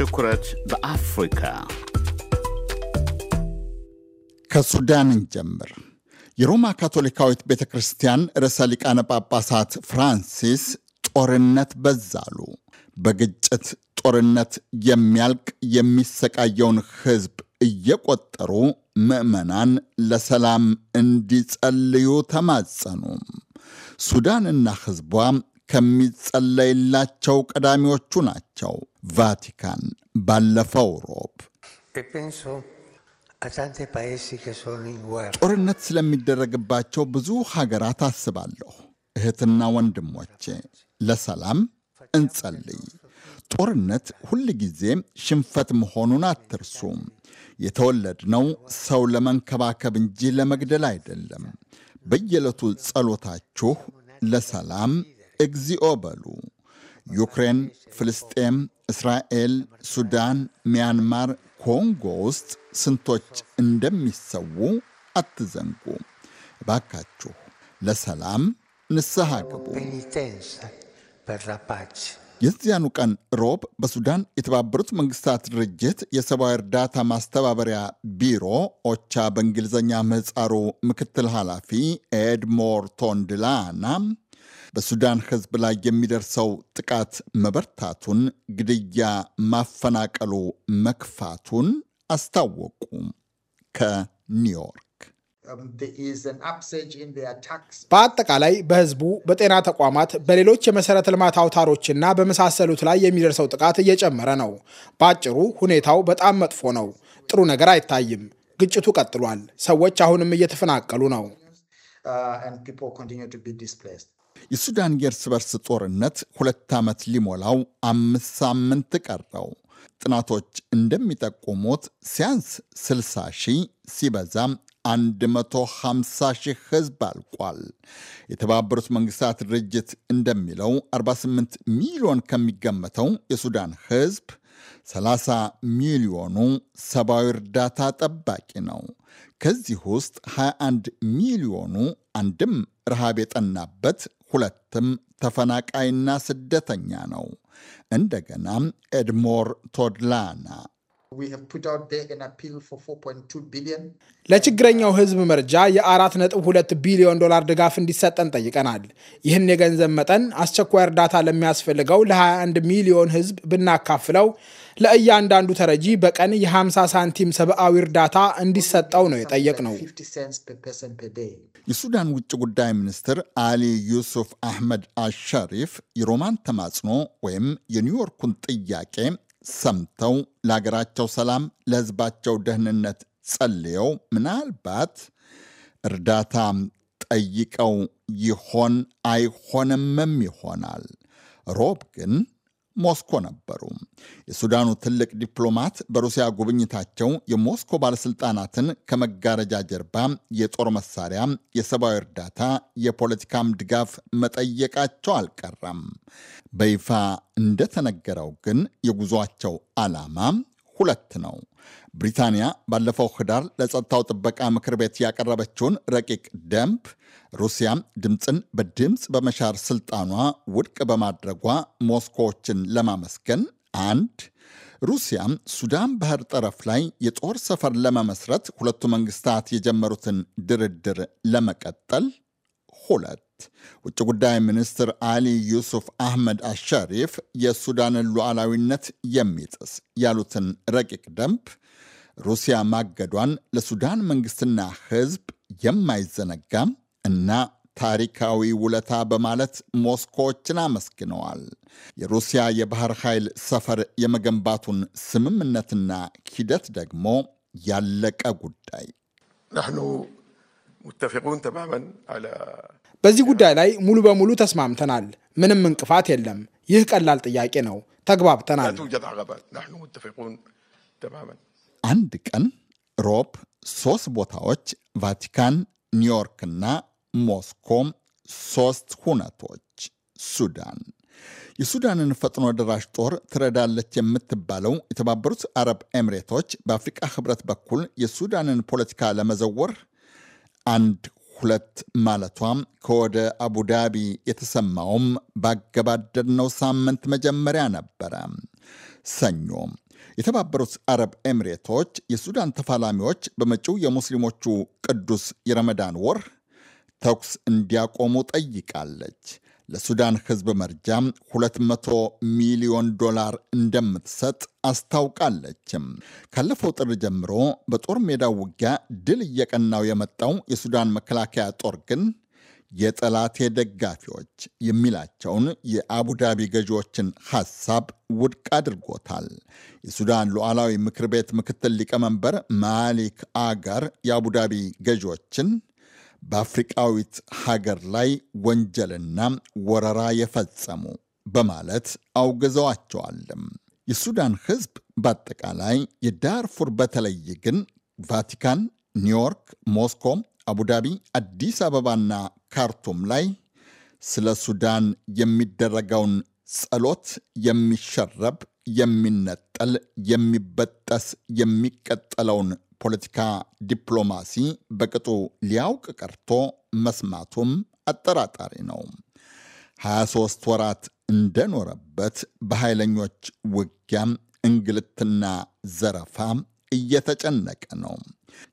ትኩረት በአፍሪካ ከሱዳን እንጀምር። የሮማ ካቶሊካዊት ቤተ ክርስቲያን ርዕሰ ሊቃነ ጳጳሳት ፍራንሲስ ጦርነት በዛሉ። በግጭት ጦርነት የሚያልቅ የሚሰቃየውን ሕዝብ እየቆጠሩ ምዕመናን ለሰላም እንዲጸልዩ ተማጸኑ። ሱዳንና ሕዝቧ ከሚጸለይላቸው ቀዳሚዎቹ ናቸው። ቫቲካን ባለፈው ሮብ ጦርነት ስለሚደረግባቸው ብዙ ሀገራት አስባለሁ። እህትና ወንድሞቼ ለሰላም እንጸልይ። ጦርነት ሁል ጊዜ ሽንፈት መሆኑን አትርሱም። የተወለድነው ሰው ለመንከባከብ እንጂ ለመግደል አይደለም። በየዕለቱ ጸሎታችሁ ለሰላም እግዚኦ በሉ። ዩክሬን፣ ፍልስጤም፣ እስራኤል፣ ሱዳን፣ ሚያንማር፣ ኮንጎ ውስጥ ስንቶች እንደሚሰዉ አትዘንጉ። እባካችሁ ለሰላም ንስሐ ግቡ። የዚያኑ ቀን ሮብ በሱዳን የተባበሩት መንግስታት ድርጅት የሰብአዊ እርዳታ ማስተባበሪያ ቢሮ ኦቻ በእንግሊዝኛ ምህፃሩ ምክትል ኃላፊ ኤድሞር ቶንድላና በሱዳን ህዝብ ላይ የሚደርሰው ጥቃት መበርታቱን፣ ግድያ፣ ማፈናቀሉ መክፋቱን አስታወቁ። ከኒውዮርክ በአጠቃላይ በህዝቡ በጤና ተቋማት በሌሎች የመሰረተ ልማት አውታሮችና በመሳሰሉት ላይ የሚደርሰው ጥቃት እየጨመረ ነው። በአጭሩ ሁኔታው በጣም መጥፎ ነው። ጥሩ ነገር አይታይም። ግጭቱ ቀጥሏል። ሰዎች አሁንም እየተፈናቀሉ ነው። የሱዳን የእርስ በርስ ጦርነት ሁለት ዓመት ሊሞላው አምስት ሳምንት ቀረው። ጥናቶች እንደሚጠቁሙት ሲያንስ 60 ሺህ ሲበዛም 150 ሺህ ህዝብ አልቋል። የተባበሩት መንግስታት ድርጅት እንደሚለው 48 ሚሊዮን ከሚገመተው የሱዳን ህዝብ 30 ሚሊዮኑ ሰብአዊ እርዳታ ጠባቂ ነው። ከዚህ ውስጥ 21 ሚሊዮኑ አንድም ረሃብ የጠናበት ሁለትም ተፈናቃይና ስደተኛ ነው። እንደገናም ኤድሞር ቶድላና ለችግረኛው ሕዝብ መርጃ የ4.2 ቢሊዮን ዶላር ድጋፍ እንዲሰጠን ጠይቀናል። ይህን የገንዘብ መጠን አስቸኳይ እርዳታ ለሚያስፈልገው ለ21 ሚሊዮን ሕዝብ ብናካፍለው ለእያንዳንዱ ተረጂ በቀን የ50 ሳንቲም ሰብአዊ እርዳታ እንዲሰጠው ነው የጠየቅነው። የሱዳን ውጭ ጉዳይ ሚኒስትር አሊ ዩሱፍ አህመድ አሸሪፍ የሮማን ተማጽኖ ወይም የኒውዮርኩን ጥያቄ ሰምተው ለሀገራቸው ሰላም፣ ለህዝባቸው ደህንነት ጸልየው ምናልባት እርዳታ ጠይቀው ይሆን አይሆንምም ይሆናል። ሮብ ግን ሞስኮ ነበሩ። የሱዳኑ ትልቅ ዲፕሎማት በሩሲያ ጉብኝታቸው የሞስኮ ባለስልጣናትን ከመጋረጃ ጀርባ የጦር መሳሪያ፣ የሰብአዊ እርዳታ፣ የፖለቲካም ድጋፍ መጠየቃቸው አልቀረም። በይፋ እንደተነገረው ግን የጉዟቸው ዓላማ ሁለት ነው። ብሪታንያ ባለፈው ህዳር ለጸጥታው ጥበቃ ምክር ቤት ያቀረበችውን ረቂቅ ደንብ ሩሲያም ድምፅን በድምፅ በመሻር ስልጣኗ ውድቅ በማድረጓ ሞስኮዎችን ለማመስገን አንድ ሩሲያም ሱዳን ባህር ጠረፍ ላይ የጦር ሰፈር ለመመስረት ሁለቱ መንግስታት የጀመሩትን ድርድር ለመቀጠል ሁለት ውጭ ጉዳይ ሚኒስትር አሊ ዩሱፍ አህመድ አሻሪፍ የሱዳንን ሉዓላዊነት የሚጥስ ያሉትን ረቂቅ ደንብ ሩሲያ ማገዷን ለሱዳን መንግስትና ሕዝብ የማይዘነጋም እና ታሪካዊ ውለታ በማለት ሞስኮዎችን አመስግነዋል። የሩሲያ የባህር ኃይል ሰፈር የመገንባቱን ስምምነትና ሂደት ደግሞ ያለቀ ጉዳይ ናሕኑ ሙተፊቁን ተማመን በዚህ ጉዳይ ላይ ሙሉ በሙሉ ተስማምተናል። ምንም እንቅፋት የለም። ይህ ቀላል ጥያቄ ነው። ተግባብተናል። አንድ ቀን ሮብ ሶስት ቦታዎች ቫቲካን፣ ኒውዮርክ እና ሞስኮም ሶስት ሁነቶች ሱዳን የሱዳንን ፈጥኖ ደራሽ ጦር ትረዳለች የምትባለው የተባበሩት አረብ ኤምሬቶች በአፍሪቃ ህብረት በኩል የሱዳንን ፖለቲካ ለመዘወር አንድ ሁለት ማለቷ ከወደ አቡዳቢ የተሰማውም ባገባደድነው ሳምንት መጀመሪያ ነበረ። ሰኞ የተባበሩት አረብ ኤምሬቶች የሱዳን ተፋላሚዎች በመጪው የሙስሊሞቹ ቅዱስ የረመዳን ወር ተኩስ እንዲያቆሙ ጠይቃለች። ለሱዳን ሕዝብ መርጃ 200 ሚሊዮን ዶላር እንደምትሰጥ አስታውቃለች ካለፈው ጥር ጀምሮ በጦር ሜዳ ውጊያ ድል እየቀናው የመጣው የሱዳን መከላከያ ጦር ግን የጠላቴ ደጋፊዎች የሚላቸውን የአቡዳቢ ገዢዎችን ሐሳብ ውድቅ አድርጎታል። የሱዳን ሉዓላዊ ምክር ቤት ምክትል ሊቀመንበር ማሊክ አጋር የአቡዳቢ ገዢዎችን በአፍሪቃዊት ሀገር ላይ ወንጀልና ወረራ የፈጸሙ በማለት አውግዘዋቸዋልም። የሱዳን ህዝብ በአጠቃላይ የዳርፉር በተለይ ግን ቫቲካን፣ ኒውዮርክ፣ ሞስኮ፣ አቡዳቢ፣ አዲስ አበባና ካርቱም ላይ ስለ ሱዳን የሚደረገውን ጸሎት የሚሸረብ፣ የሚነጠል፣ የሚበጠስ፣ የሚቀጠለውን ፖለቲካ ዲፕሎማሲ በቅጡ ሊያውቅ ቀርቶ መስማቱም አጠራጣሪ ነው። 23 ወራት እንደኖረበት በኃይለኞች ውጊያም እንግልትና ዘረፋ እየተጨነቀ ነው።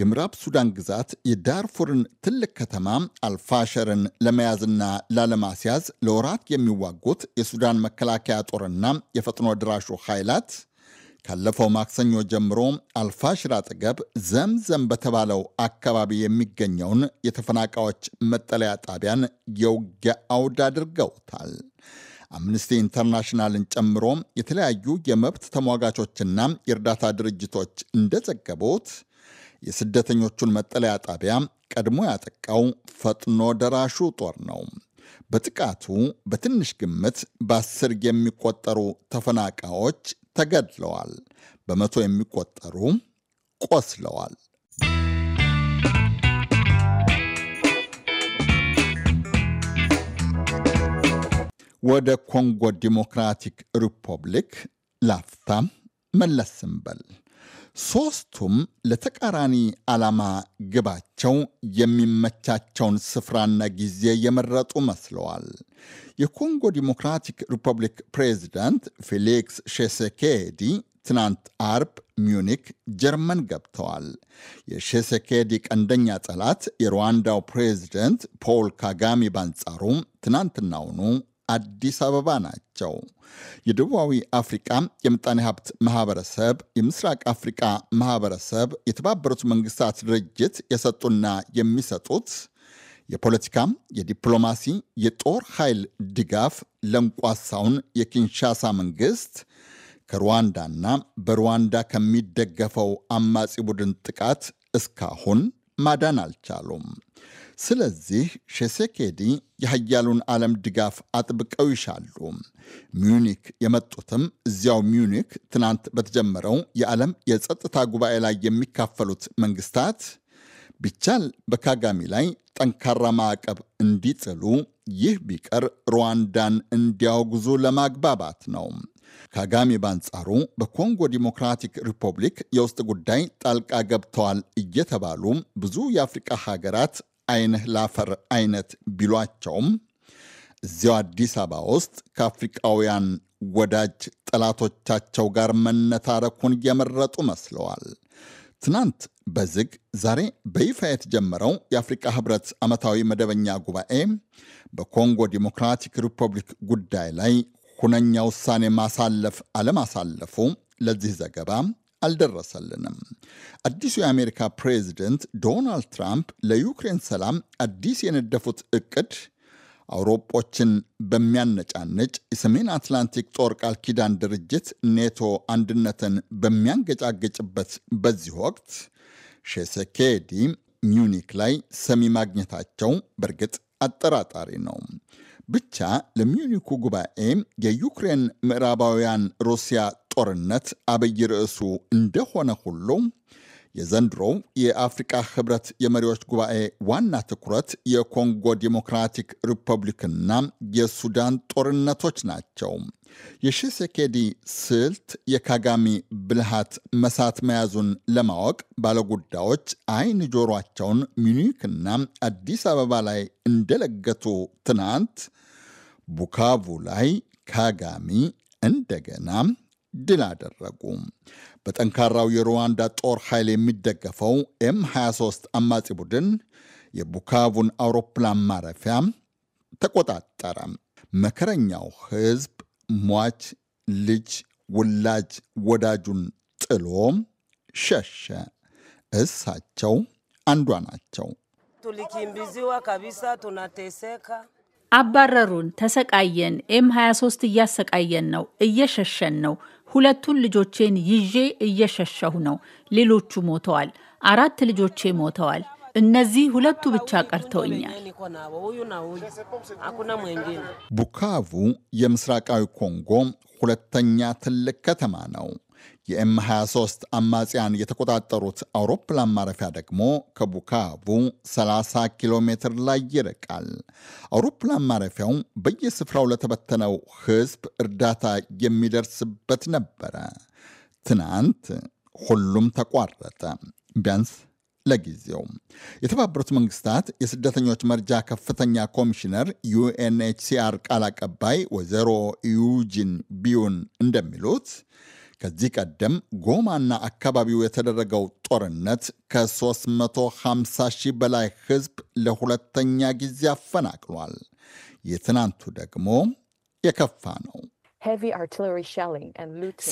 የምዕራብ ሱዳን ግዛት የዳርፉርን ትልቅ ከተማ አልፋሸርን ለመያዝና ላለማስያዝ ለወራት የሚዋጉት የሱዳን መከላከያ ጦርና የፈጥኖ ድራሹ ኃይላት ካለፈው ማክሰኞ ጀምሮ አልፋሽር አጠገብ ዘምዘም በተባለው አካባቢ የሚገኘውን የተፈናቃዮች መጠለያ ጣቢያን የውጊያ አውድ አድርገውታል። አምነስቲ ኢንተርናሽናልን ጨምሮ የተለያዩ የመብት ተሟጋቾችና የእርዳታ ድርጅቶች እንደዘገቡት የስደተኞቹን መጠለያ ጣቢያ ቀድሞ ያጠቃው ፈጥኖ ደራሹ ጦር ነው። በጥቃቱ በትንሽ ግምት በአስር የሚቆጠሩ ተፈናቃዮች ተገድለዋል። በመቶ የሚቆጠሩ ቆስለዋል። ወደ ኮንጎ ዲሞክራቲክ ሪፐብሊክ ላፍታም መለስ ስንበል ሦስቱም ለተቃራኒ ዓላማ ግባቸው የሚመቻቸውን ስፍራና ጊዜ የመረጡ መስለዋል። የኮንጎ ዲሞክራቲክ ሪፐብሊክ ፕሬዚዳንት ፌሊክስ ሼሴኬዲ ትናንት አርብ ሚዩኒክ ጀርመን ገብተዋል። የሼሴኬዲ ቀንደኛ ጠላት የሩዋንዳው ፕሬዚደንት ፖል ካጋሚ ባንጻሩ ትናንትናውኑ አዲስ አበባ ናቸው። የደቡባዊ አፍሪቃ የምጣኔ ሀብት ማህበረሰብ፣ የምስራቅ አፍሪቃ ማህበረሰብ የተባበሩት መንግስታት ድርጅት የሰጡና የሚሰጡት የፖለቲካም፣ የዲፕሎማሲ፣ የጦር ኃይል ድጋፍ ለንቋሳውን የኪንሻሳ መንግስት ከሩዋንዳና በሩዋንዳ ከሚደገፈው አማጺ ቡድን ጥቃት እስካሁን ማዳን አልቻሉም። ስለዚህ ሼሴኬዲ የሀያሉን ዓለም ድጋፍ አጥብቀው ይሻሉ። ሚዩኒክ የመጡትም እዚያው ሚዩኒክ ትናንት በተጀመረው የዓለም የጸጥታ ጉባኤ ላይ የሚካፈሉት መንግስታት ቢቻል በካጋሚ ላይ ጠንካራ ማዕቀብ እንዲጥሉ፣ ይህ ቢቀር ሩዋንዳን እንዲያወግዙ ለማግባባት ነው። ካጋሚ በአንጻሩ በኮንጎ ዲሞክራቲክ ሪፐብሊክ የውስጥ ጉዳይ ጣልቃ ገብተዋል እየተባሉ ብዙ የአፍሪቃ ሀገራት አይንህ ላፈር አይነት ቢሏቸውም እዚያው አዲስ አበባ ውስጥ ከአፍሪቃውያን ወዳጅ ጠላቶቻቸው ጋር መነታረኩን እየመረጡ መስለዋል። ትናንት በዝግ ዛሬ በይፋ የተጀመረው የአፍሪቃ ህብረት ዓመታዊ መደበኛ ጉባኤ በኮንጎ ዲሞክራቲክ ሪፐብሊክ ጉዳይ ላይ ሁነኛ ውሳኔ ማሳለፍ አለማሳለፉ ለዚህ ዘገባ አልደረሰልንም። አዲሱ የአሜሪካ ፕሬዚደንት ዶናልድ ትራምፕ ለዩክሬን ሰላም አዲስ የነደፉት እቅድ አውሮጶችን በሚያነጫነጭ የሰሜን አትላንቲክ ጦር ቃል ኪዳን ድርጅት ኔቶ አንድነትን በሚያንገጫገጭበት በዚህ ወቅት ሼሴኬዲ ሚዩኒክ ላይ ሰሚ ማግኘታቸው በእርግጥ አጠራጣሪ ነው። ብቻ ለሚውኒኩ ጉባኤ የዩክሬን ምዕራባውያን ሩሲያ ጦርነት አብይ ርዕሱ እንደሆነ ሁሉ የዘንድሮው የአፍሪቃ ህብረት የመሪዎች ጉባኤ ዋና ትኩረት የኮንጎ ዲሞክራቲክ ሪፐብሊክና የሱዳን ጦርነቶች ናቸው። የሺሴኬዲ ስልት የካጋሚ ብልሃት መሳት መያዙን ለማወቅ ባለጉዳዮች አይን ጆሯቸውን ሚኒክና አዲስ አበባ ላይ እንደለገቱ ትናንት ቡካቡ ላይ ካጋሚ እንደገና ድል አደረጉ። በጠንካራው የሩዋንዳ ጦር ኃይል የሚደገፈው ኤም 23 አማጺ ቡድን የቡካቡን አውሮፕላን ማረፊያ ተቆጣጠረ። መከረኛው ህዝብ ሟች ልጅ ውላጅ ወዳጁን ጥሎ ሸሸ። እሳቸው አንዷ ናቸው። አባረሩን፣ ተሰቃየን፣ ኤም 23 እያሰቃየን ነው፣ እየሸሸን ነው፣ ሁለቱን ልጆቼን ይዤ እየሸሸሁ ነው። ሌሎቹ ሞተዋል፣ አራት ልጆቼ ሞተዋል። እነዚህ ሁለቱ ብቻ ቀርተውኛል። ቡካቡ የምስራቃዊ ኮንጎ ሁለተኛ ትልቅ ከተማ ነው። የኤም 23 አማጽያን የተቆጣጠሩት አውሮፕላን ማረፊያ ደግሞ ከቡካቡ 30 ኪሎ ሜትር ላይ ይርቃል። አውሮፕላን ማረፊያው በየስፍራው ለተበተነው ሕዝብ እርዳታ የሚደርስበት ነበረ። ትናንት ሁሉም ተቋረጠ፣ ቢያንስ ለጊዜው። የተባበሩት መንግስታት የስደተኞች መርጃ ከፍተኛ ኮሚሽነር ዩኤንኤችሲአር ቃል አቀባይ ወይዘሮ ዩጂን ቢዩን እንደሚሉት ከዚህ ቀደም ጎማና አካባቢው የተደረገው ጦርነት ከ350 ሺህ በላይ ሕዝብ ለሁለተኛ ጊዜ አፈናቅሏል። የትናንቱ ደግሞ የከፋ ነው።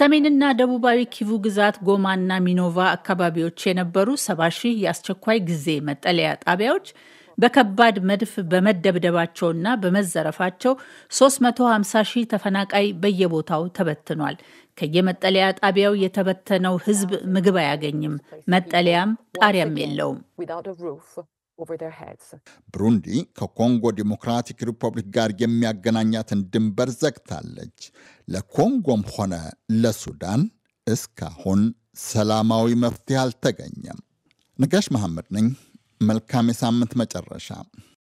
ሰሜንና ደቡባዊ ኪቩ ግዛት ጎማና ሚኖቫ አካባቢዎች የነበሩ 70 ሺህ የአስቸኳይ ጊዜ መጠለያ ጣቢያዎች በከባድ መድፍ በመደብደባቸውና በመዘረፋቸው 350 ሺህ ተፈናቃይ በየቦታው ተበትኗል። ከየመጠለያ ጣቢያው የተበተነው ህዝብ ምግብ አያገኝም፣ መጠለያም ጣሪያም የለውም። ብሩንዲ ከኮንጎ ዲሞክራቲክ ሪፐብሊክ ጋር የሚያገናኛትን ድንበር ዘግታለች። ለኮንጎም ሆነ ለሱዳን እስካሁን ሰላማዊ መፍትሄ አልተገኘም። ነጋሽ መሐመድ ነኝ። መልካም የሳምንት መጨረሻ